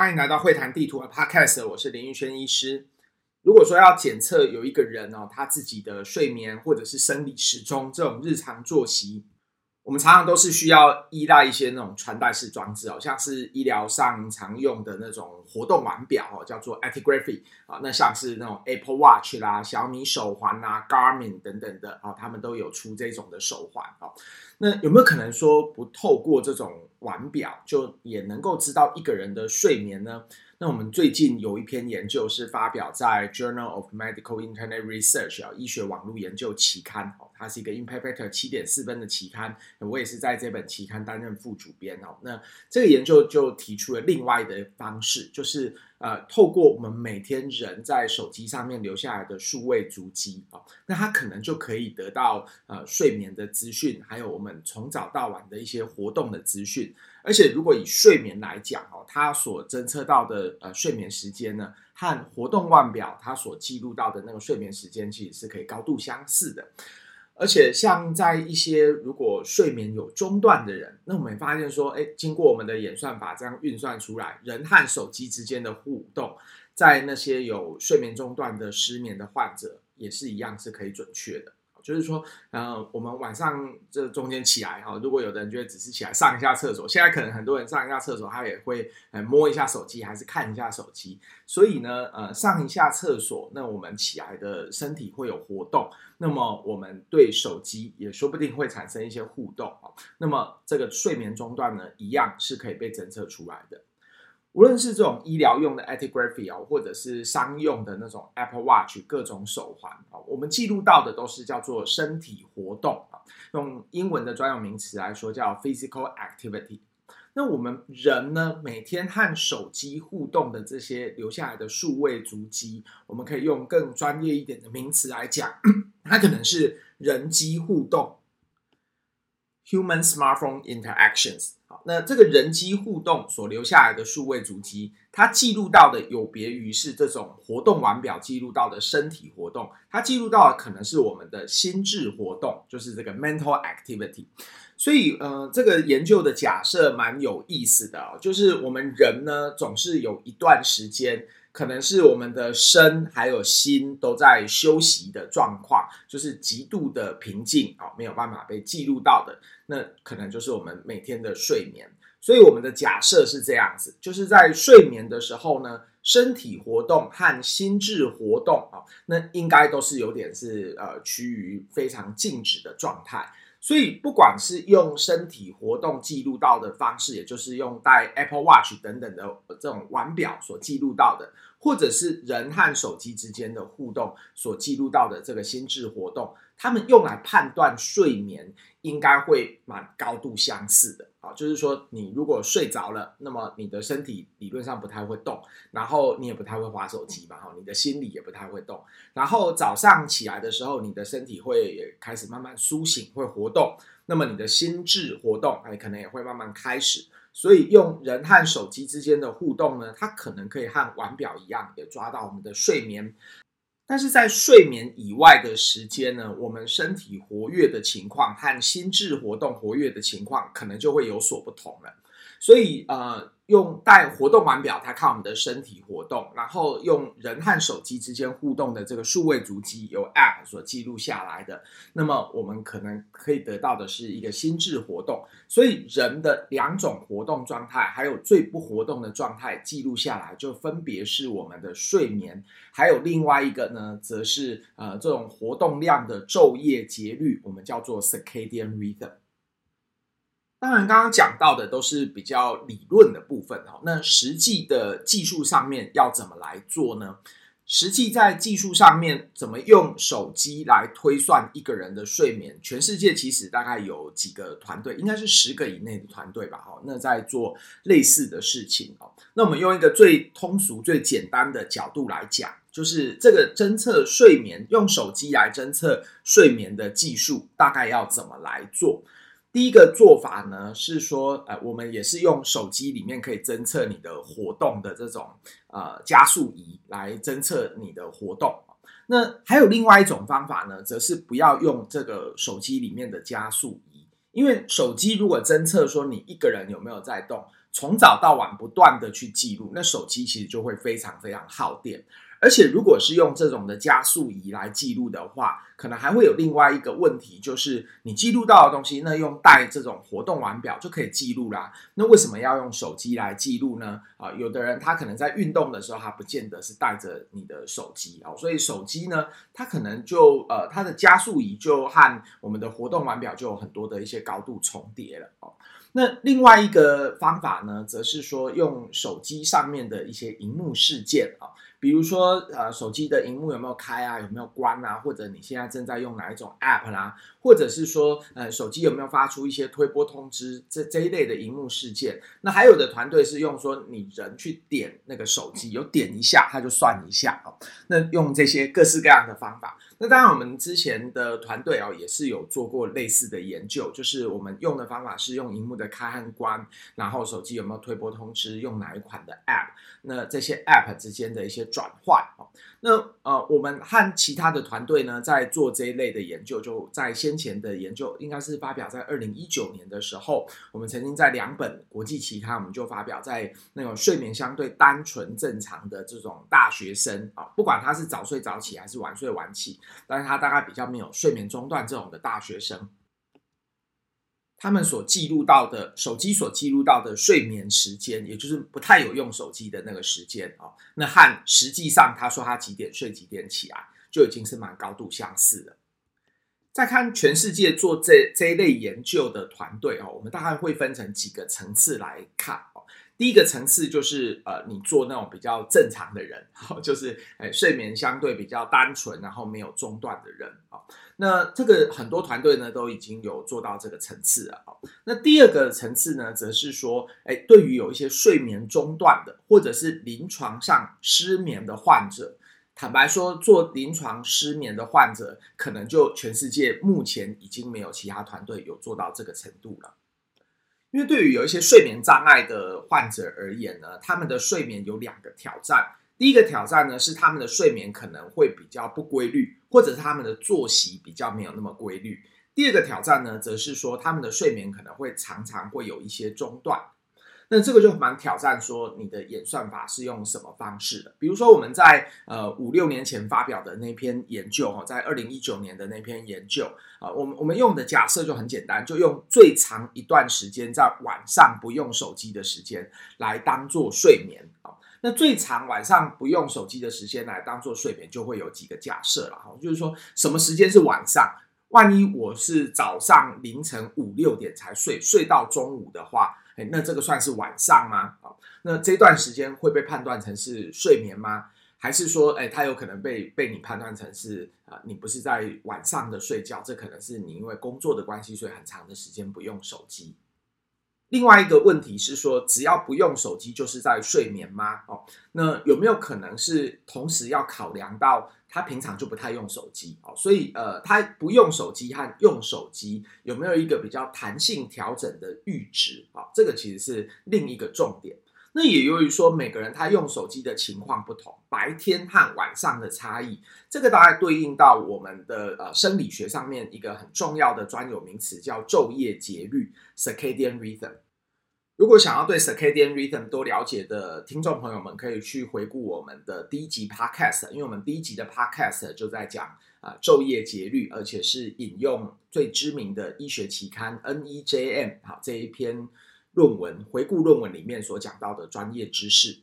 歡迎來到會談地圖的 Podcast，我是林煜軒醫師。如果說要檢測有一個人哦，他自己的睡眠或者是生理時鐘，這種日常作息。我們常常都是需要依賴一些那種穿戴式裝置哦，像是醫療上常用的那種活動腕表哦，叫做 actigraphy 啊、哦，那像是那種 Apple Watch 啦、小米手環啦、Garmin 等等的哦，他們都有出這種的手環哦。那有沒有可能說不透過這種腕表，就也能夠知道一個人的睡眠呢？那我們最近有一篇研究是發表在 Journal of Medical Internet Research 啊、哦，醫學網絡研究期刊哦。它是一個 Impact Factor 七點四分的期刊，我也是在這本期刊擔任副主編哦。那這個研究就提出了另外的方式，就是呃，透過我們每天人在手機上面留下來的數位足跡哦，那它可能就可以得到呃睡眠的資訊，還有我們從早到晚的一些活動的資訊。而且如果以睡眠來講哦，它所偵測到的呃睡眠時間呢，和活動腕表它所記錄到的那個睡眠時間，其實是可以高度相似的。而且，像在一些如果睡眠有中斷的人，那我們也發現說，哎，經過我們的演算法這樣運算出來，人和手機之間的互動，在那些有睡眠中斷的失眠的患者，也是一樣是可以準確的。就是說，呃，我們晚上這中間起來哈，如果有的人覺得只是起來上一下廁所，現在可能很多人上一下廁所，他也會呃摸一下手機，還是看一下手機。所以呢，呃，上一下廁所，那我們起來的身體會有活動，那麼我們對手機也說不定會產生一些互動啊。那麼這個睡眠中斷呢，一樣是可以被偵測出來的。無論是這種醫療用的 actigraphy 或者是商用的那種 Apple Watch 各種手環啊，我們記錄到的都是叫做身體活動啊，用英文的專有名詞來說叫 Physical Activity。那我們人呢，每天和手機互動的這些留下來的數位足跡，我們可以用更專業一點的名詞來講， 它可能是人機互動 （Human Smartphone Interactions）。好，那這個人機互動所留下來的數位足跡，它記錄到的有別於是這種活動腕錶記錄到的身體活動，它記錄到的可能是我們的心智活動，就是這個 mental activity。所以，呃，這個研究的假設蠻有意思的，就是我們人呢總是有一段時間。可能是我們的身還有心都在休息的狀況，就是極度的平靜啊、哦，沒有辦法被記錄到的。那可能就是我們每天的睡眠。所以我們的假設是這樣子，就是在睡眠的時候呢，身體活動和心智活動啊、哦，那應該都是有點是呃，趨於非常靜止的狀態。所以，不管是用身體活動記錄到的方式，也就是用戴 Apple Watch 等等的這種腕錶所記錄到的，或者是人和手機之間的互動所記錄到的這個心智活動，他們用來判斷睡眠。應該會蠻高度相似的啊，就是說你如果睡着了，那麼你的身體理論上不太會動，然後你也不太會滑手機嘛，哈，你的心理也不太會動，然後早上起來的時候，你的身體會開始慢慢甦醒，會活動，那麼你的心智活動，哎，可能也會慢慢開始，所以用人和手機之間的互動呢，它可能可以和腕錶一樣，也抓到我們的睡眠。但是在睡眠以外的時間呢，我們身體活躍的情況和心智活動活躍的情況，可能就會有所不同了。所以，呃。用戴活動腕表，來看我們的身體活動，然後用人和手機之間互動的這個數位足跡，由 App 所記錄下來的，那麼我們可能可以得到的是一個心智活動。所以人的兩種活動狀態，還有最不活動的狀態，記錄下來，就分別是我們的睡眠，還有另外一個呢，則是呃這種活動量的晝夜節律，我們叫做 circadian rhythm。當然，剛剛講到的都是比較理論的部分。那實際的技術上面要怎麼來做呢？實際在技術上面，怎麼用手機來推算一個人的睡眠？全世界其實大概有幾個團隊，應該是十個以內的團隊吧。哈，那在做類似的事情哦。那我們用一個最通俗、最簡單的角度來講，就是這個偵測睡眠，用手機來偵測睡眠的技術，大概要怎麼來做？第一個做法呢，是說，呃，我們也是用手機裡面可以偵測你的活動的這種，呃，加速儀來偵測你的活動。那還有另外一種方法呢，則是不要用這個手機裡面的加速儀，因為手機如果偵測說你一個人有沒有在動，從早到晚不斷的去記錄，那手機其實就會非常非常耗電。而且，如果是用這種的加速儀來記錄的話，可能還會有另外一個問題，就是你記錄到的東西，那用戴這種活動腕表就可以記錄啦、啊。那為什麼要用手機來記錄呢？啊、呃，有的人他可能在運動的時候，他不見得是帶着你的手機哦，所以手機呢，它可能就呃，它的加速儀就和我們的活動腕表就有很多的一些高度重疊了哦。那另外一個方法呢，則是說用手機上面的一些螢幕事件啊。哦比如說，呃，手機的螢幕有沒有開啊？有沒有關啊？或者你現在正在用哪一種 App 啦？或者是說，呃，手機有沒有發出一些推播通知？這這一類的熒幕事件，那還有的團隊是用說，你人去點那個手機，有點一下，它就算一下哦。那用這些各式各樣的方法。那當然，我們之前的團隊哦，也是有做過類似的研究，就是我們用的方法是用熒幕的開和關，然後手機有沒有推播通知，用哪一款的 App，那這些 App 之間的一些轉換哦。那呃，我們和其他的團隊呢，在做這一類的研究，就在線。先前的研究應該是發表在二零一九年的時候，我們曾經在兩本國際期刊，我們就發表在那個睡眠相對單純正常的這種大學生啊，不管他是早睡早起還是晚睡晚起，但是他大概比較沒有睡眠中斷這種的大學生，他們所記錄到的手機所記錄到的睡眠時間，也就是不太有用手機的那個時間啊，那和實際上他說他幾點睡幾點起來就已經是蠻高度相似了。再看全世界做這這一類研究的團隊哦，我們大概會分成幾個層次來看哦。第一個層次就是呃，你做那種比較正常的人，哦、就是哎睡眠相對比較單純，然後沒有中斷的人啊、哦。那這個很多團隊呢都已經有做到這個層次了哦。那第二個層次呢，則是說，哎，對於有一些睡眠中斷的，或者是臨床上失眠的患者。坦白說，做臨床失眠的患者，可能就全世界目前已經沒有其他團隊有做到這個程度了。因為對於有一些睡眠障礙的患者而言呢，他們的睡眠有兩個挑戰。第一個挑戰呢，是他們的睡眠可能會比較不規律，或者是他們的作息比較沒有那麼規律。第二個挑戰呢，則是說他們的睡眠可能會常常會有一些中斷。那這個就蠻挑戰，說你的演算法是用什麼方式的？比如說，我們在呃五六年前發表的那篇研究哦，在二零一九年的那篇研究啊，我們我們用的假設就很簡單，就用最長一段時間在晚上不用手機的時間來當做睡眠啊。那最長晚上不用手機的時間來當做睡眠，就會有幾個假設了哈，就是說什麼時間是晚上？萬一我是早上凌晨五六點才睡，睡到中午的話。那這個算是晚上嗎？那這段時間會被判斷成是睡眠嗎？還是說，哎，它有可能被被你判斷成是啊、呃，你不是在晚上的睡覺，這可能是你因為工作的關係，所以很長的時間不用手機。另外一個問題是說，只要不用手機就是在睡眠嗎？哦，那有沒有可能是同時要考量到？他平常就不太用手機啊，所以呃，他不用手機和用手機有沒有一個比較彈性調整的閾值啊？這個其實是另一個重點。那也由於說每個人他用手機的情況不同，白天和晚上的差異，這個大概對應到我們的呃生理學上面一個很重要的專有名詞，叫晝夜節律 （circadian rhythm）。如果想要對 circadian rhythm 多了解的聽眾朋友們，可以去回顧我們的第一集 podcast，因為我們第一集的 podcast 就在講啊、呃、晝夜節律，而且是引用最知名的醫學期刊 NEJM，好，這一篇論文，回顧論文裡面所講到的專業知識。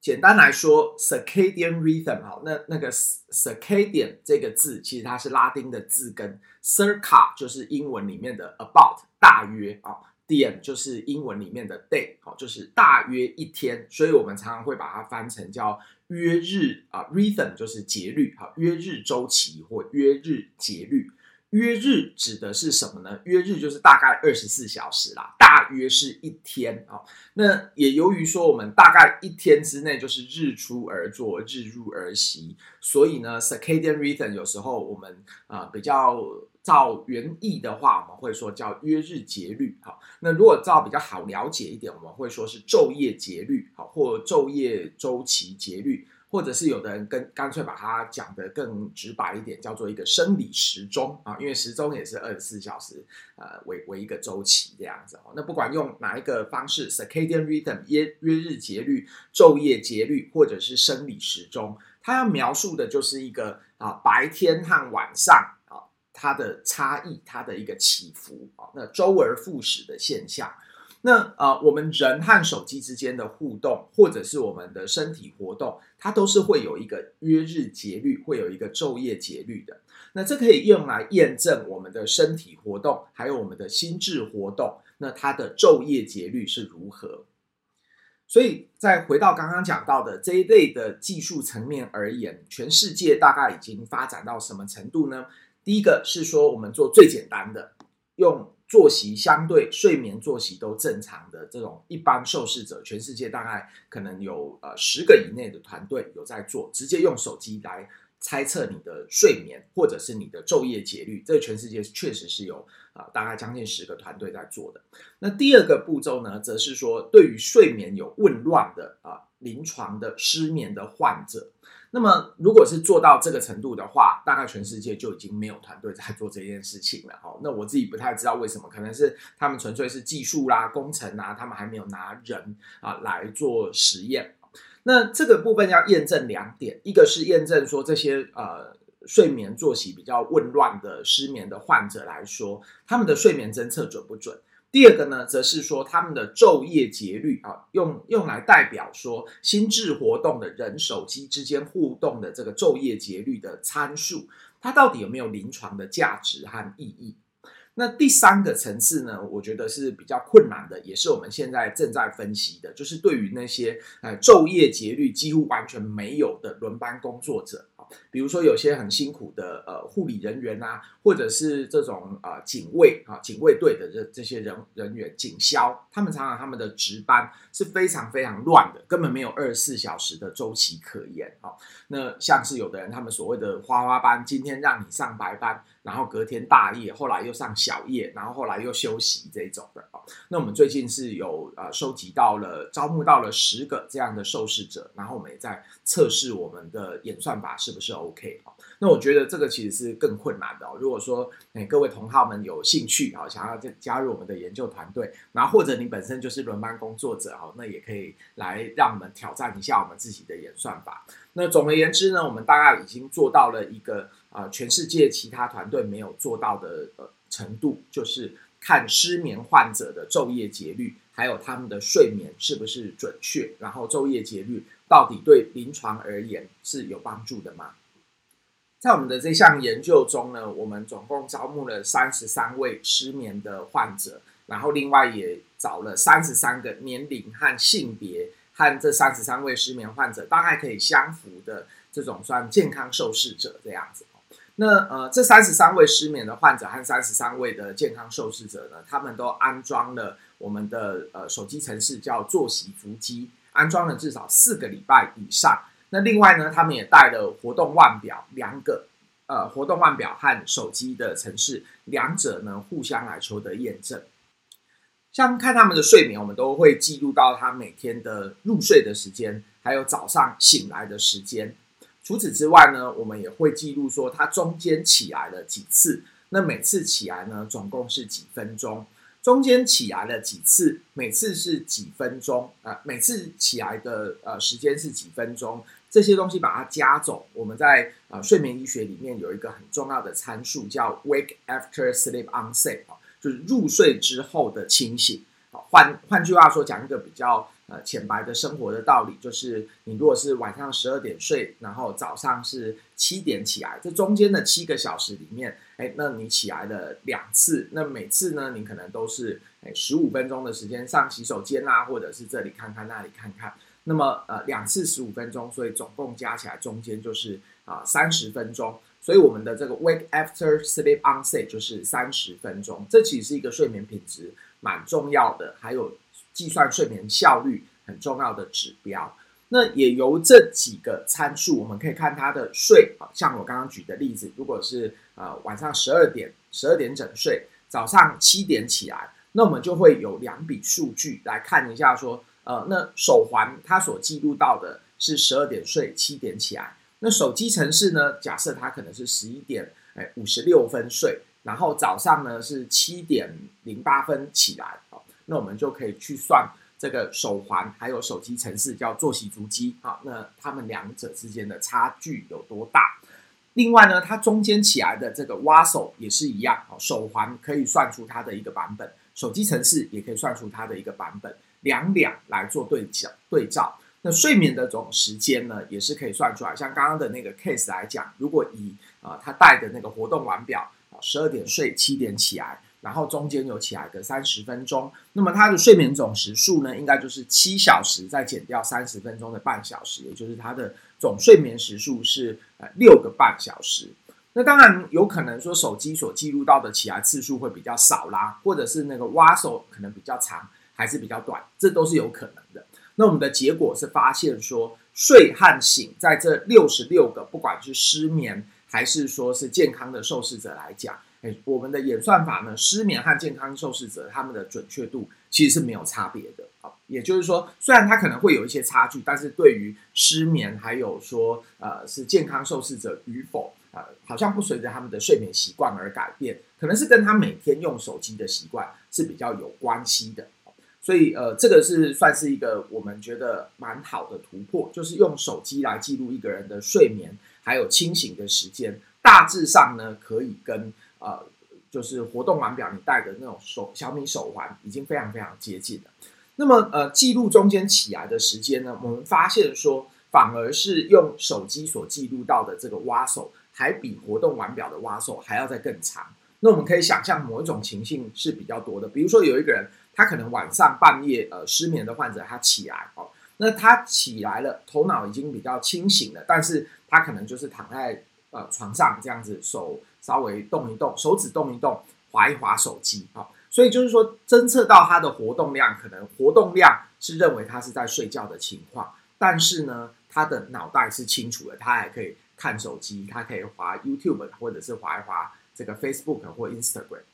簡單來說，circadian rhythm 好，那那個 s, circadian 這個字其實它是拉丁的字根，circa 就是英文裡面的 about。大約啊、uh,，day 就是英文裡面的 day，好、uh,，就是大約一天，所以我們常常會把它翻成叫約日啊、uh, rhythm 就是節律，好、uh,，約日周期或約日節律，約日指的是什麼呢？約日就是大概二十四小時啦，大約是一天啊。Uh, 那也由於說我們大概一天之內就是日出而作，日入而息，所以呢，circadian rhythm 有時候我們啊、uh, 比較。照原意的話，我們會說叫約日節律哈。那如果照比較好了解一點，我們會說是晝夜節律，或晝夜週期節律，或者是有的人更乾脆把它講得更直白一點，叫做一個生理時鐘啊，因為時鐘也是二十四小時呃，為、為一個週期這樣子。那不管用哪一個方式，Circadian rhythm、約日節律、晝夜節律或者是生理時鐘，它要描述的就是一個啊、呃、白天和晚上。它的差異，它的一個起伏啊，那周而復始的現象。那啊、呃，我們人和手機之間的互動，或者是我們的身體活動，它都是會有一個約日節律，會有一個晝夜節律的。那這可以用來驗證我們的身體活動，還有我們的心智活動，那它的晝夜節律是如何？所以，再回到剛剛講到的這一類的技術層面而言，全世界大概已經發展到什麼程度呢？第一個是說，我們做最簡單的，用作息相對睡眠作息都正常的這種一般受試者，全世界大概可能有呃十個以內的團隊有在做，直接用手機來猜測你的睡眠或者是你的晝夜節律，這全世界確實是有啊、呃、大概將近十個團隊在做的。那第二個步驟呢，則是說，對於睡眠有紊亂的啊、呃、臨床的失眠的患者。那麼，如果是做到這個程度的話，大概全世界就已經沒有團隊在做這件事情了。那我自己不太知道為什麼，可能是他們純粹是技術啦、工程啦，他們還沒有拿人啊來做實驗。那這個部分要驗證兩點，一個是驗證說這些呃睡眠作息比較混亂的失眠的患者來說，他們的睡眠偵測準不準。第二個呢，則是說他們的晝夜節律啊，用用來代表說心智活動的人手機之間互動的這個晝夜節律的參數，它到底有沒有臨床的價值和意義？那第三個層次呢，我覺得是比較困難的，也是我們現在正在分析的，就是對於那些呃晝夜節律幾乎完全沒有的輪班工作者。比如說，有些很辛苦的呃護理人員啊，或者是這種呃警衛啊、警衛隊的這這些人人員警消，他們常常他們的值班是非常非常亂的，根本沒有二十四小時的週期可言哦。那像是有的人他們所謂的花花班，今天讓你上白班，然後隔天大夜，後來又上小夜，然後後來又休息這一種的哦。那我們最近是有呃收集到了招募到了十個這樣的受試者，然後我們也在測試我們的演算法是不是，是 OK 哦，那我覺得這個其實是更困難的。如果說、欸、各位同好們有興趣啊，想要再加入我們的研究團隊，那或者你本身就是輪班工作者哦，那也可以來讓我們挑戰一下我們自己的演算法。那總而言之呢，我們大概已經做到了一個啊、呃，全世界其他團隊沒有做到的呃程度，就是看失眠患者的晝夜節律，還有他們的睡眠是不是準確，然後晝夜節律到底對臨床而言是有幫助的嗎？在我們的這項研究中呢，我們總共招募了三十三位失眠的患者，然後另外也找了三十三個年齡和性別和這三十三位失眠患者大概可以相符的這種算健康受試者這樣子。那呃，這三十三位失眠的患者和三十三位的健康受試者呢，他們都安裝了我們的呃手機程式，叫作息伏機。安裝了至少四個禮拜以上。那另外呢，他們也帶了活動腕錶兩個，呃，活動腕錶和手機的程式，兩者呢互相來求得驗證。像看他們的睡眠，我們都會記錄到他每天的入睡的時間，還有早上醒來的時間。除此之外呢，我們也會記錄說他中間起來了幾次，那每次起來呢，總共是幾分鐘。中間起來了幾次，每次是幾分鐘啊、呃？每次起來的呃時間是幾分鐘？這些東西把它加總，我們在啊、呃、睡眠醫學裡面有一個很重要的參數叫 wake after sleep onset，就是入睡之後的清醒。哦、換換句話說，講一個比較。呃，淺白的生活的道理就是，你如果是晚上十二點睡，然後早上是七點起來，這中間的七個小時裡面，哎，那你起來了兩次，那每次呢，你可能都是哎十五分鐘的時間上洗手間啦、啊，或者是這裡看看那裡看看。那麼呃，兩次十五分鐘，所以總共加起來中間就是啊三十分鐘。所以我們的這個 wake after sleep onset 就是三十分鐘，這其實是一個睡眠品質蠻重要的，還有。計算睡眠效率很重要的指標，那也由這幾個參數，我們可以看它的睡。像我剛剛舉的例子，如果是呃晚上十二點十二點整睡，早上七點起來，那我們就會有兩筆數據來看一下說，說呃那手環它所記錄到的是十二點睡七點起來，那手機程式呢，假設它可能是十一點哎五十六分睡，然後早上呢是七點零八分起來啊。哦那我們就可以去算這個手環，還有手機程式，叫作息足跡，啊，那他們兩者之間的差距有多大？另外呢，它中間起來的這個 WASO 也是一樣，手環可以算出它的一個版本，手機程式也可以算出它的一個版本，兩兩來做對角對照。那睡眠的這種時間呢，也是可以算出來。像剛剛的那個 case 來講，如果以啊他戴的那個活動腕錶，十二點睡，七點起來。然後中間有起來個三十分鐘，那麼他的睡眠總時數呢，應該就是七小時，再減掉三十分鐘的半小時，也就是他的總睡眠時數是呃六個半小時。那當然有可能說手機所記錄到的起來次數會比較少啦，或者是那個 WASO 可能比較長，還是比較短，這都是有可能的。那我們的結果是發現說，睡和醒在這六十六個，不管是失眠，還是說是健康的受試者來講。欸，我們的演算法呢，失眠和健康受試者他們的準確度其實是沒有差別的。也就是說，雖然他可能會有一些差距，但是對於失眠還有說呃是健康受試者與否，呃好像不隨着他們的睡眠習慣而改變，可能是跟他每天用手機的習慣是比較有關係的。所以呃，這個是算是一個我們覺得蠻好的突破，就是用手機來記錄一個人的睡眠還有清醒的時間，大致上呢可以跟。呃，就是活動腕表你戴的那種手小米手環已經非常非常接近了。那麼呃，記錄中間起來的時間呢，我們發現說反而是用手機所記錄到的這個挖手還比活動腕表的挖手還要再更長。那我們可以想象某一種情形是比較多的，比如說有一個人他可能晚上半夜呃失眠的患者他起來哦，那他起來了頭腦已經比較清醒了，但是他可能就是躺在呃床上這樣子手。稍微動一動手指，動一動，滑一滑手機。所以就是說，偵測到它的活動量，可能活動量是認為它是在睡覺的情況，但是呢，它的腦袋是清楚的，它還可以看手機，它可以滑 YouTube 或者是滑一滑這個 Facebook 或 Instagram。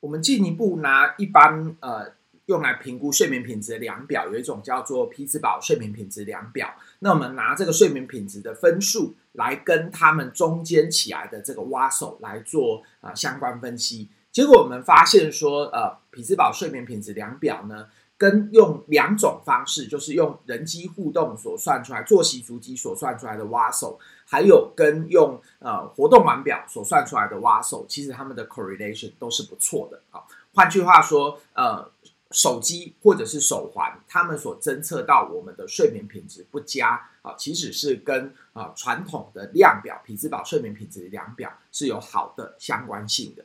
我們進一步拿一般呃。用來評估睡眠品質的量表有一種叫做匹茲堡睡眠品質量表，那我們拿這個睡眠品質的分數來跟他們中間起來的這個 WASO 來做啊、呃、相關分析，結果我們發現說，呃，匹茲堡睡眠品質量表呢，跟用兩種方式，就是用人機互動所算出來作息足跡所算出來的 WASO，還有跟用呃活動腕錶所算出來的 WASO，其實他們的 correlation 都是不錯的啊。換句話說，呃。手機或者是手環，他們所偵測到我們的睡眠品質不佳啊,其實是跟啊傳統的量表匹茲堡睡眠品質量表是有好的相關性的。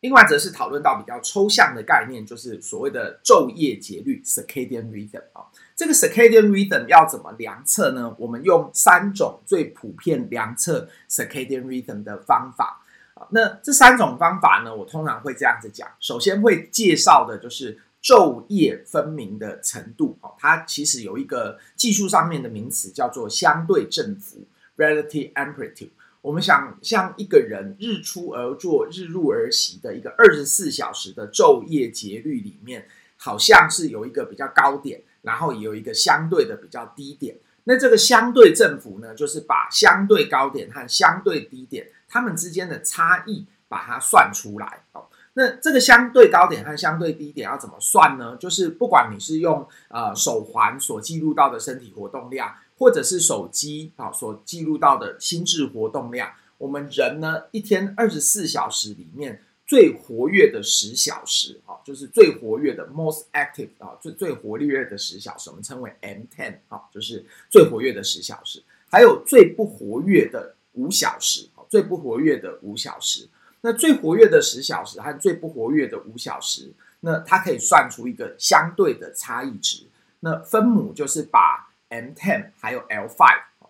另外則是討論到比較抽象的概念，就是所謂的晝夜節律 （circadian rhythm） 啊。這個 circadian rhythm 要怎麼量測呢？我們用三種最普遍量測 circadian rhythm 的方法。好，那這三種方法呢，我通常會這樣子講，首先會介紹的就是晝夜分明的程度哦。它其實有一個技術上面的名詞叫做相對振幅 （relative amplitude）。我們想像一個人日出而作、日入而息的一個二十四小時的晝夜節律裡面，好像是有一個比較高點，然後也有一個相對的比較低點。那這個相對振幅呢，就是把相對高點和相對低點，他們之間的差異，把它算出來哦。那這個相對高點和相對低點要怎麼算呢？就是不管你是用呃手環所記錄到的身體活動量，或者是手機啊所記錄到的心智活動量，我們人呢，一天二十四小時裡面最活躍的十小時哦，就是最活躍的 most active 啊，最最活躍的十小時，我們稱為 M10 就是最活躍的十小時，還有最不活躍的五小時。最不活躍的五小時，那最活躍的十小時和最不活躍的五小時，那它可以算出一個相對的差異值。那分母就是把 M10 還有 L5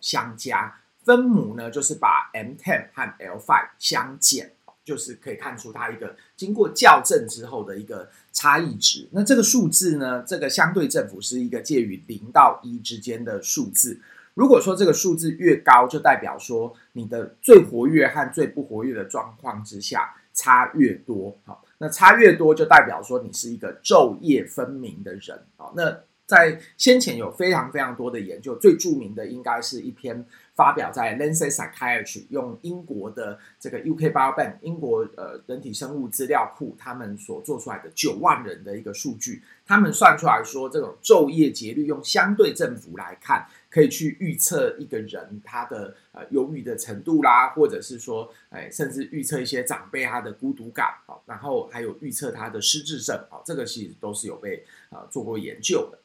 相加，分母呢就是把 M10 和 L5 相減，就是可以看出它一個經過校正之後的一個差異值。那這個數字呢，這個相對振幅是一個介於零到一之間的數字。如果說這個數字越高，就代表說你的最活躍和最不活躍的狀況之下差越多，好，那差越多就代表說你是一個晝夜分明的人。那在先前有非常非常多的研究，最著名的應該是一篇發表在《Lancet Psychiatry》，用英國的這個 UK Biobank 英國呃人體生物資料庫，他們所做出來的九萬人的一個數據，他們算出來說這種晝夜節律用相對振幅來看，可以去預測一個人他的呃憂鬱的程度啦，或者是說，哎，甚至預測一些長輩他的孤獨感啊，然後還有預測他的失智症啊，這個其實都是有被做過研究的。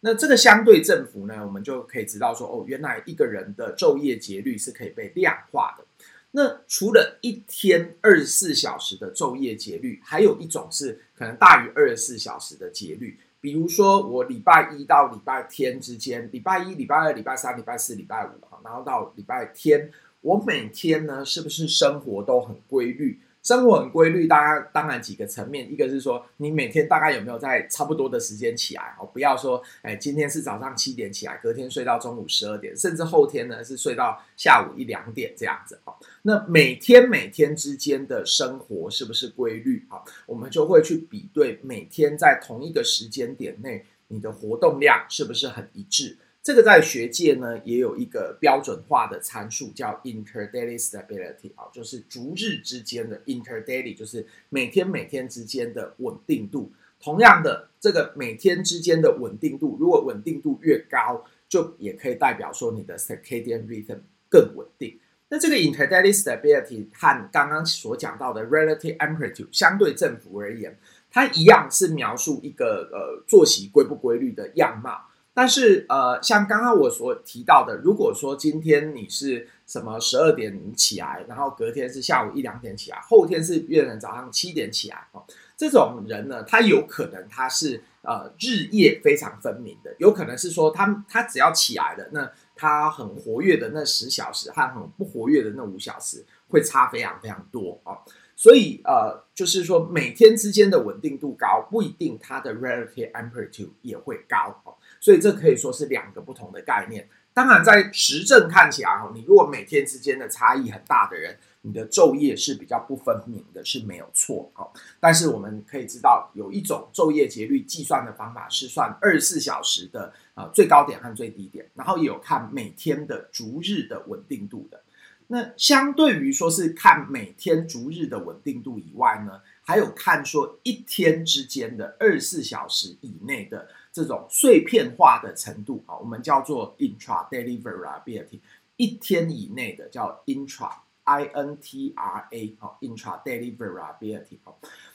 那這個相對振幅呢，我們就可以知道說，哦，原來一個人的晝夜節律是可以被量化的。那除了一天二十四小時的晝夜節律，還有一種是可能大於二十四小時的節律。比如說，我禮拜一到禮拜天之間，禮拜一、禮拜二、禮拜三、禮拜四、禮拜五啊，然後到禮拜天，我每天呢，是不是生活都很規律？生活很規律，大家當然幾個層面，一個是說你每天大概有沒有在差不多的時間起來哦，不要說，哎，今天是早上七點起來，隔天睡到中午十二點，甚至後天呢是睡到下午一兩點這樣子哦。那每天每天之間的生活是不是規律啊？我們就會去比對每天在同一個時間點內，你的活動量是不是很一致。這個在學界呢也有一個標準化的參數，叫 interdaily stability 啊，就是逐日之間的 interdaily，就是每天每天之間的穩定度。同樣的，這個每天之間的穩定度，如果穩定度越高，就也可以代表說你的 circadian rhythm 更穩定。那這個 interdaily stability 和你剛剛所講到的 relative amplitude 相對振幅而言，它一樣是描述一個呃作息規不規律的樣貌。但是，呃，像剛剛我所提到的，如果說今天你是什麼十二點起來，然後隔天是下午一兩點起來，後天是月亮早上七點起來，哦，這種人呢，他有可能他是呃日夜非常分明的，有可能是說他他只要起來了，那他很活躍的那十小時和很不活躍的那五小時會差非常非常多哦。所以呃，就是說每天之間的穩定度高，不一定他的 relative amplitude 也會高哦。所以這可以說是兩個不同的概念。當然，在實證看起來哈，你如果每天之間的差異很大的人，你的晝夜是比較不分明的，是沒有錯哦。但是我們可以知道，有一種晝夜節律計算的方法是算二十四小時的最高點和最低點，然後也有看每天的逐日的穩定度的。那相對於說是看每天逐日的穩定度以外呢，還有看說一天之間的二十四小時以內的。這種碎片化的程度啊，我們叫做 intradaily variability，一天以內的叫 intra I N T R A 哦，intradaily variability。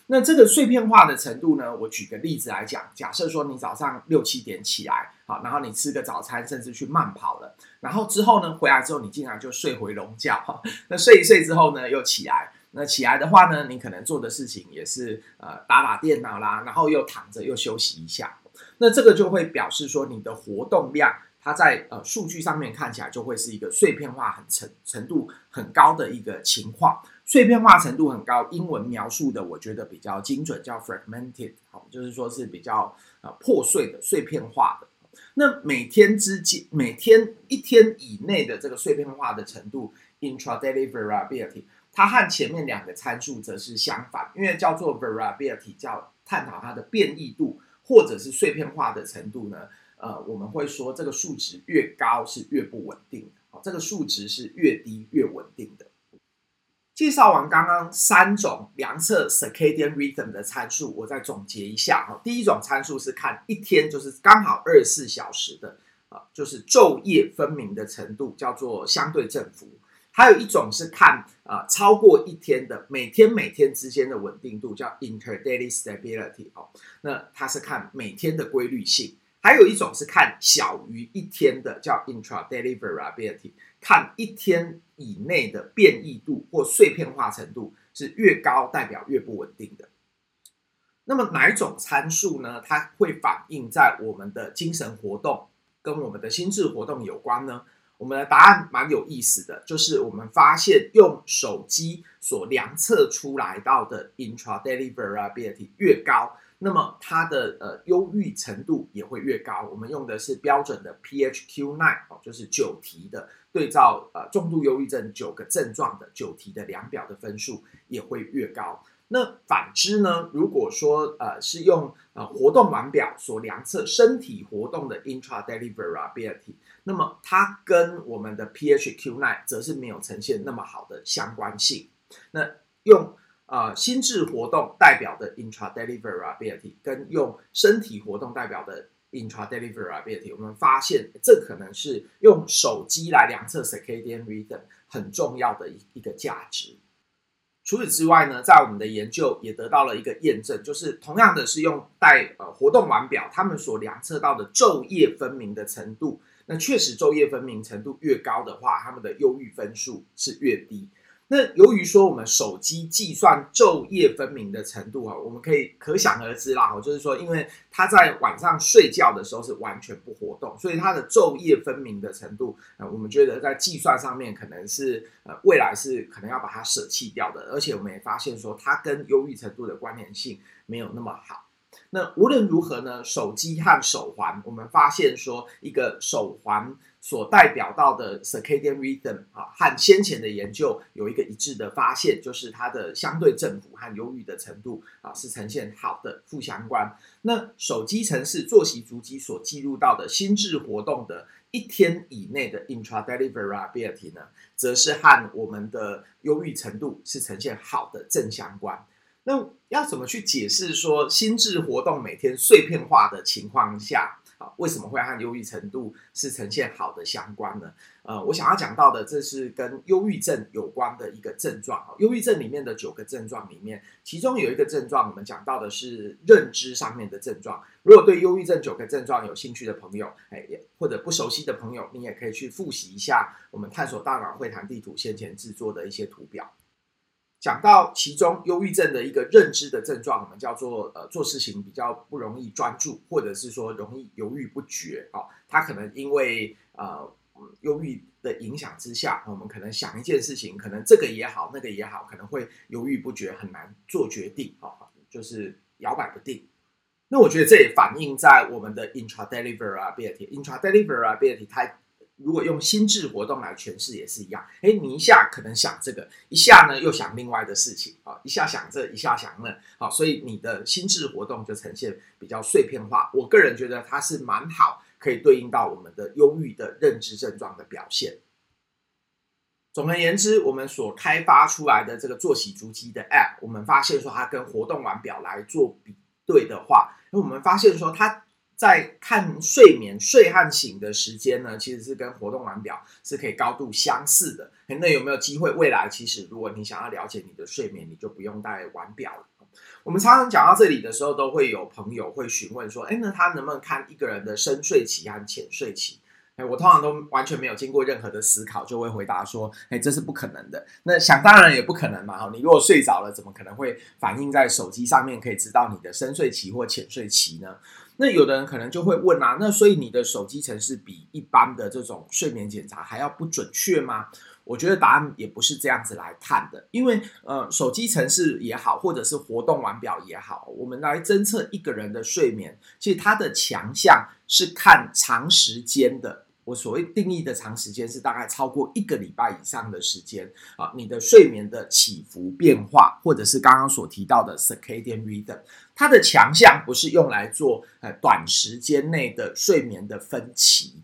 那這個碎片化的程度呢，我舉個例子來講，假設說你早上六七點起來，然後你吃個早餐，甚至去慢跑了，然後之後呢，回來之後你竟然就睡回籠覺哈。那睡一睡之後呢，又起來，那起來的話呢，你可能做的事情也是呃打打電腦啦，然後又躺着又休息一下。那這個就會表示說，你的活動量，它在呃數據上面看起來就會是一個碎片化很程程度很高的一個情況。碎片化程度很高，英文描述的我覺得比較精準，叫 fragmented，好、哦，就是說是比較呃破碎的、碎片化的。那每天之間，每天一天以內的這個碎片化的程度，intradaily variability，它和前面兩個參數則是相反，因為叫做 variability，叫探討它的變異度。或者是碎片化的程度呢？呃，我們會說這個數值越高是越不穩定，啊，這個數值是越低越穩定的。介紹完剛剛三種量測 circadian rhythm 的參數，我再總結一下哈。第一種參數是看一天就是剛好二十四小時的啊，就是晝夜分明的程度，叫做相對振幅。還有一種是看啊、呃、超過一天的，每天每天之間的穩定度，叫 interdaily stability 哦，那它是看每天的規律性。還有一種是看小於一天的，叫 intradaily variability，看一天以內的變異度或碎片化程度是越高，代表越不穩定的。那麼哪一種參數呢？它會反映在我們的精神活動跟我們的心智活動有關呢？我們的答案蠻有意思的，就是我們發現用手機所量測出來到的 intradaily variability 越高，那麼它的呃憂鬱程度也會越高。我們用的是標準的 PHQ-9，哦，就是九題的對照呃重度憂鬱症九個症狀的九題的量表的分數也會越高。那反之呢，如果說呃是用呃活動腕錶所量測身體活動的 intradaily variability。那麼它跟我們的 PHQ-9 則是沒有呈現那麼好的相關性。那用呃心智活動代表的 intradaily variability 跟用身體活動代表的 intradaily variability，我們發現這可能是用手機來量測 circadian rhythm 很重要的一一個價值。除此之外呢，在我們的研究也得到了一個驗證，就是同樣的是用戴、呃活動腕錶，他們所量測到的晝夜分明的程度，那確實晝夜分明程度越高的話，他們的憂鬱分數是越低。那由於說我們手機計算晝夜分明的程度啊，我們可以可想而知啦哈，就是說因為它在晚上睡覺的時候是完全不活動，所以它的晝夜分明的程度啊，我們覺得在計算上面可能是呃未來是可能要把它捨棄掉的，而且我們也發現說它跟憂鬱程度的關聯性沒有那麼好。那無論如何呢，手機和手環，我們發現說一個手環。所代表到的 circadian rhythm 啊，和先前的研究有一個一致的發現，就是它的相對振幅和憂鬱的程度啊是呈現好的負相關。那手機城市作息足迹所記錄到的心智活動的一天以內的 intradaily variability 呢，則是和我們的憂鬱程度是呈現好的正相關。那要怎麼去解釋說心智活動每天碎片化的情況下，啊，為什麼會和憂鬱程度是呈現好的相關呢？呃，我想要講到的，這是跟憂鬱症有關的一個症狀。憂鬱症裡面的九個症狀裡面，其中有一個症狀，我們講到的是認知上面的症狀。如果對憂鬱症九個症狀有興趣的朋友也，或者不熟悉的朋友，你也可以去複習一下我們探索大腦會談地圖先前製作的一些圖表。講到其中憂鬱症的一個認知的症狀，我們叫做呃做事情比較不容易專注，或者是說容易猶豫不決哦，他可能因為呃憂鬱的影響之下，我們可能想一件事情，可能這個也好，那個也好，可能會猶豫不決，很難做決定，哦，就是搖擺不定。那我覺得這也反映在我們的 intradaily variability, intradaily variability 如果用心智活動來詮釋也是一樣誒，你一下可能想這個，一下呢又想另外的事情啊，一下想這，一下想那，所以你的心智活動就呈現比較碎片化。我個人覺得它是蠻好，可以對應到我們的憂鬱的認知症狀的表現。總而言之，我們所開發出來的這個作息足跡的 App，我們發現說它跟活動腕錶來做比對的話，那我們發現說它在看睡眠睡和醒的時間呢，其實是跟活動腕錶是可以高度相似的。那有沒有機會未來，其實如果你想要了解你的睡眠，你就不用戴腕錶了。我們常常講到這裡的時候，都會有朋友會詢問說：“誒、欸、那他能不能看一個人的深睡期和淺睡期、欸？”我通常都完全沒有經過任何的思考，就會回答說：“哎、欸，這是不可能的。那想當然也不可能嘛。你如果睡着了，怎麼可能會反映在手機上面，可以知道你的深睡期或淺睡期呢？”那有的人可能就會問啊，那所以你的手機程式比一般的這種睡眠檢查還要不準確嗎？我覺得答案也不是這樣子來看的，因為呃，手機程式也好，或者是活動腕錶也好，我們來偵測一個人的睡眠，其實它的強項是看長時間的。我所謂定義的長時間是大概超過一個禮拜以上的時間啊，你的睡眠的起伏變化，或者是剛剛所提到的 circadian rhythm，它的強項不是用來做呃短時間內的睡眠的分期。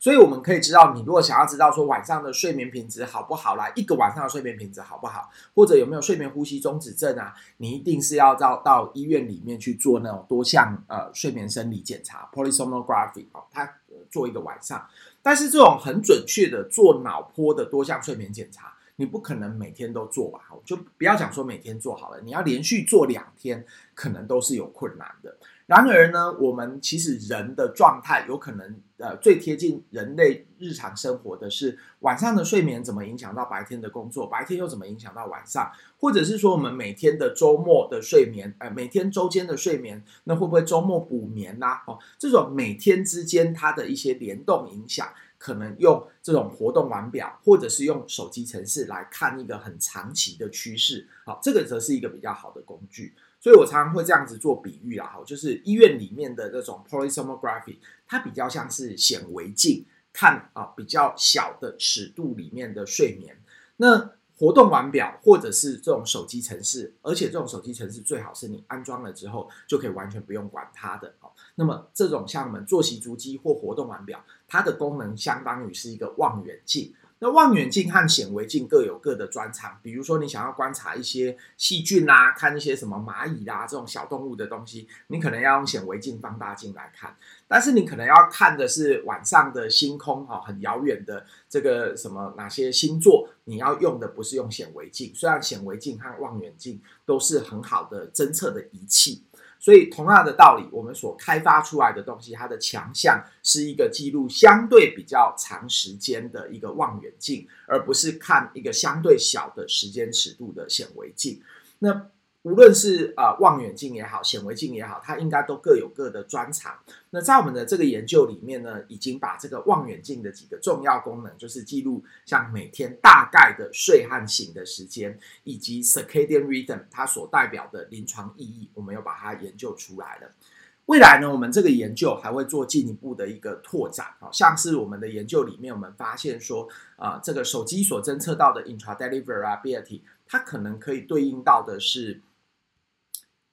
所以我們可以知道，你如果想要知道說晚上的睡眠品質好不好啦，一個晚上的睡眠品質好不好，或者有沒有睡眠呼吸中止症啊，你一定是要到到醫院裡面去做那種多項呃睡眠生理檢查 polysomnography 哦，它。做一個晚上，但是這種很準確的做腦波的多項睡眠檢查，你不可能每天都做吧？就不要講說每天做好了，你要連續做兩天，可能都是有困難的。然而呢，我們其實人的狀態，有可能呃最貼近人類日常生活的是晚上的睡眠怎麼影響到白天的工作，白天又怎麼影響到晚上？或者是說我們每天的周末的睡眠，呃每天周間的睡眠，那會不會周末補眠啦，啊？哦，這種每天之間它的一些聯動影響。可能用這種活動腕表，或者是用手機程式來看一個很長期的趨勢，好，這個則是一個比較好的工具。所以我常常會這樣子做比喻啊，就是醫院裡面的這種 polysomnography，它比較像是顯微鏡看啊比較小的尺度裡面的睡眠，那。活動腕錶或者是這種手機程式，而且這種手機程式最好是你安裝了之後就可以完全不用管它的。那麼這種像我們作息足跡或活動腕錶，它的功能相當於是一個望遠鏡。那望遠鏡和顯微鏡各有各的專長，比如說你想要觀察一些細菌啊，看一些什麼螞蟻啊這種小動物的東西，你可能要用顯微鏡放大鏡來看。但是你可能要看的是晚上的星空啊，很遙遠的這個什麼哪些星座，你要用的不是用顯微鏡。雖然顯微鏡和望遠鏡都是很好的偵測的儀器。所以，同樣的道理，我們所開發出來的東西，它的強項是一個記錄相對比較長時間的一個望遠鏡，而不是看一個相對小的時間尺度的顯微鏡。那無論是啊望遠鏡也好，顯微鏡也好，它應該都各有各的專長。那在我們的這個研究裡面呢，已經把這個望遠鏡的幾個重要功能，就是記錄像每天大概的睡和醒的時間，以及 circadian rhythm 它所代表的臨床意義，我們又把它研究出來了。未來呢，我們這個研究還會做進一步的一個拓展。哦，像是我們的研究裡面，我們發現說啊、呃，這個手機所偵測到的 intradaily variability 它可能可以對應到的是。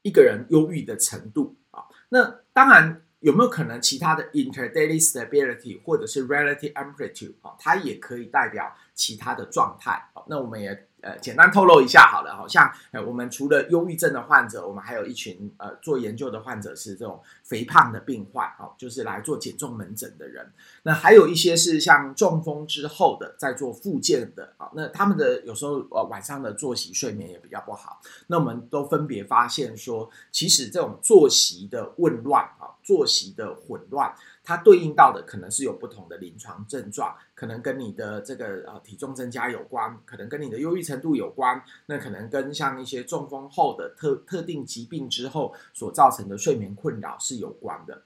一個人憂鬱的程度啊，那當然有沒有可能其他的 interdaily stability 或者是 relative amplitude 啊，它也可以代表其他的狀態。好，那我們也。呃，簡單透露一下好了。像我們除了憂鬱症的患者，我們還有一群呃做研究的患者是這種肥胖的病患啊，就是來做減重門診的人。那還有一些是像中風之後的在做復健的啊，那他們的有時候呃晚上的作息睡眠也比較不好。那我們都分別發現說，其實這種作息的紊亂啊，作息的混亂。它對應到的可能是有不同的臨床症狀，可能跟你的這個呃體重增加有關，可能跟你的憂鬱程度有關，那可能跟像一些中風後的特特定疾病之後所造成的睡眠困擾是有關的。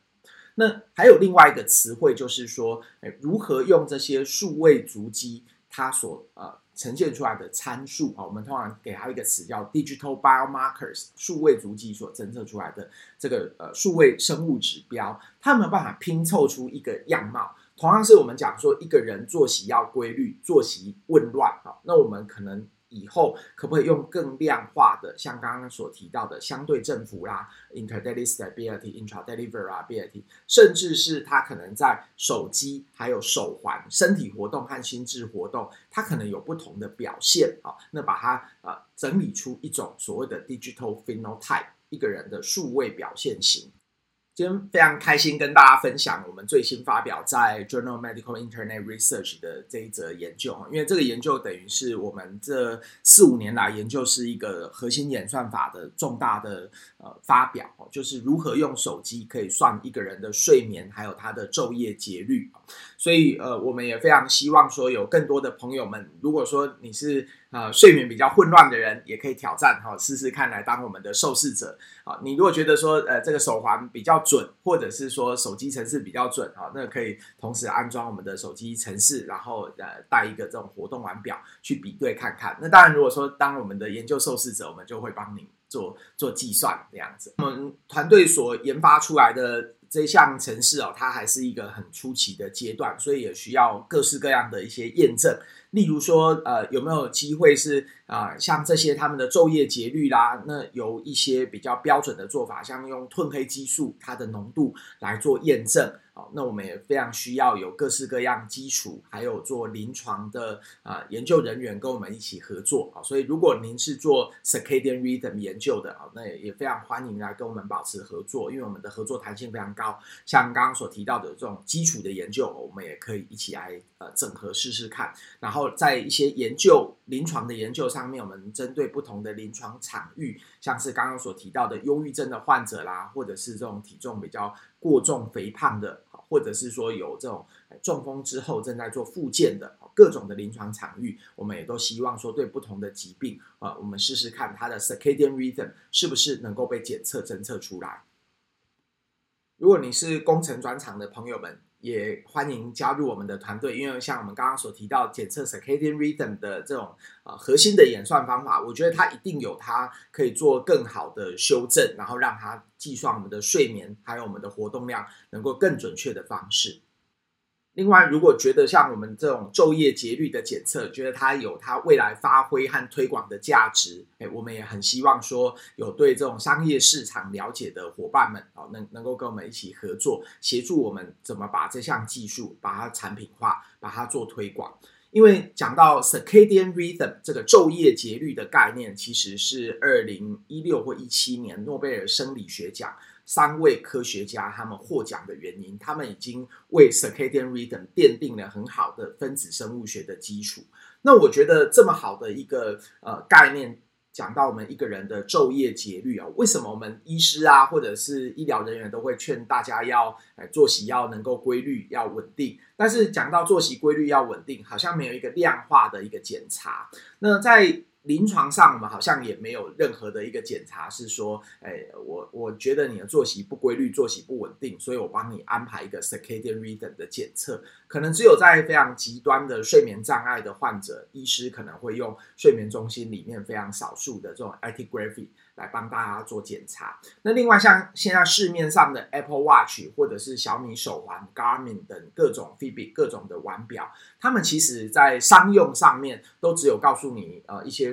那還有另外一個詞彙就是說，哎，如何用這些數位足跡，它所呃。呈現出來的參數啊，我們通常給它一個詞叫 digital biomarkers 數位足跡所偵測出來的這個呃數位生物指標，它沒有辦法拼湊出一個樣貌？同樣是我們講說一個人作息要規律，作息紊亂啊，那我們可能。以後可不可以用更量化的，像剛剛所提到的相對振幅啦 interdaily stability，intradaily variability 甚至是他可能在手機、還有手環、身體活動和心智活動，他可能有不同的表現啊。那把它呃整理出一種所謂的 digital phenotype，一個人的數位表現型。今天非常開心跟大家分享我們最新發表在 Journal Medical Internet Research 的這一則研究，因為這個研究等於是我們這四五年來研究是一個核心演算法的重大的呃發表，就是如何用手機可以算一個人的睡眠還有他的晝夜節律。所以呃我們也非常希望說有更多的朋友們，如果說你是。啊、呃，睡眠比較混亂的人也可以挑戰哈，試、哦、試看，來當我們的受試者啊、哦。你如果覺得說，呃，這個手環比較準，或者是說手機程式比較準、哦、那可以同時安裝我們的手機程式，然後呃，帶一個這種活動腕錶去比對看看。那當然，如果說當我們的研究受試者，我們就會幫您做做計算這樣子。我們團隊所研發出來的。這項城市哦，它還是一個很初期的階段，所以也需要各式各樣的一些驗證。例如說，呃，有沒有機會是啊，呃，像這些他們的晝夜節律啦，那有一些比較標準的做法，像用褪黑激素它的濃度來做驗證。好，那我們也非常需要有各式各樣基礎，還有做臨床的啊、呃、研究人員跟我們一起合作啊、哦。所以，如果您是做 circadian rhythm 研究的啊、哦，那也，也非常歡迎來跟我們保持合作，因為我們的合作彈性非常高。像剛剛所提到的這種基礎的研究，我們也可以一起來呃整合試試看。然後，在一些研究臨床的研究上面，我們針對不同的臨床場域，像是剛剛所提到的憂鬱症的患者啦，或者是這種體重比較過重、肥胖的，或者是說有這種中風之後正在做復健的各種的臨床場域，我們也都希望說，對不同的疾病啊，我們試試看它的 circadian rhythm 是不是能夠被檢測、偵測出來。如果你是工程專長的朋友們。也歡迎加入我們的團隊，因為像我們剛剛所提到檢測 circadian rhythm 的這種呃核心的演算方法，我覺得它一定有它可以做更好的修正，然後讓它計算我們的睡眠還有我們的活動量能夠更準確的方式。另外，如果覺得像我們這種晝夜節律的檢測，覺得它有它未來發揮和推廣的價值，哎，我們也很希望說有對這種商業市場了解的夥伴們啊，能能夠跟我們一起合作，協助我們怎麼把這項技術把它產品化，把它做推廣。因為講到 circadian rhythm 這個晝夜節律的概念，其實是二零一六或一七年諾貝爾生理學獎。三位科學家他們獲獎的原因，他們已經為 circadian rhythm 奠定了很好的分子生物學的基礎。那我覺得這麼好的一個呃概念，講到我們一個人的晝夜節律啊、哦，為什麼我們醫師啊或者是醫療人員都會勸大家要呃、哎、作息要能夠規律，要穩定？但是講到作息規律要穩定，好像沒有一個量化的一個檢查。那在臨床上，我們好像也沒有任何的一個檢查是說，誒、哎，我我覺得你的作息不規律，作息不穩定，所以我幫你安排一個 circadian rhythm 的檢測。可能只有在非常極端的睡眠障礙的患者，醫師可能會用睡眠中心裡面非常少數的這種 actigraphy 來幫大家做檢查。那另外，像現在市面上的 Apple Watch 或者是小米手環、Garmin 等各種 Fitbit 各種的腕錶，他們其實在商用上面都只有告訴你，呃，一些，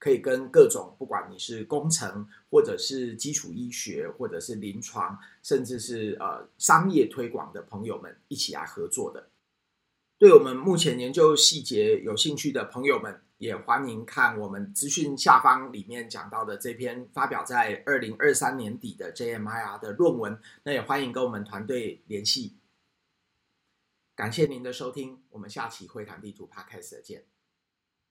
可以跟各種不管你是工程，或者是基礎醫學，或者是臨床，甚至是呃商業推廣的朋友們一起來合作的。對我們目前研究細節有興趣的朋友們，也歡迎看我們資訊下方裡面講到的這篇發表在二零二三年底的 J M I R 的論文。那也歡迎跟我們團隊聯繫。感謝您的收聽，我們下期會談地圖 Podcast 再見。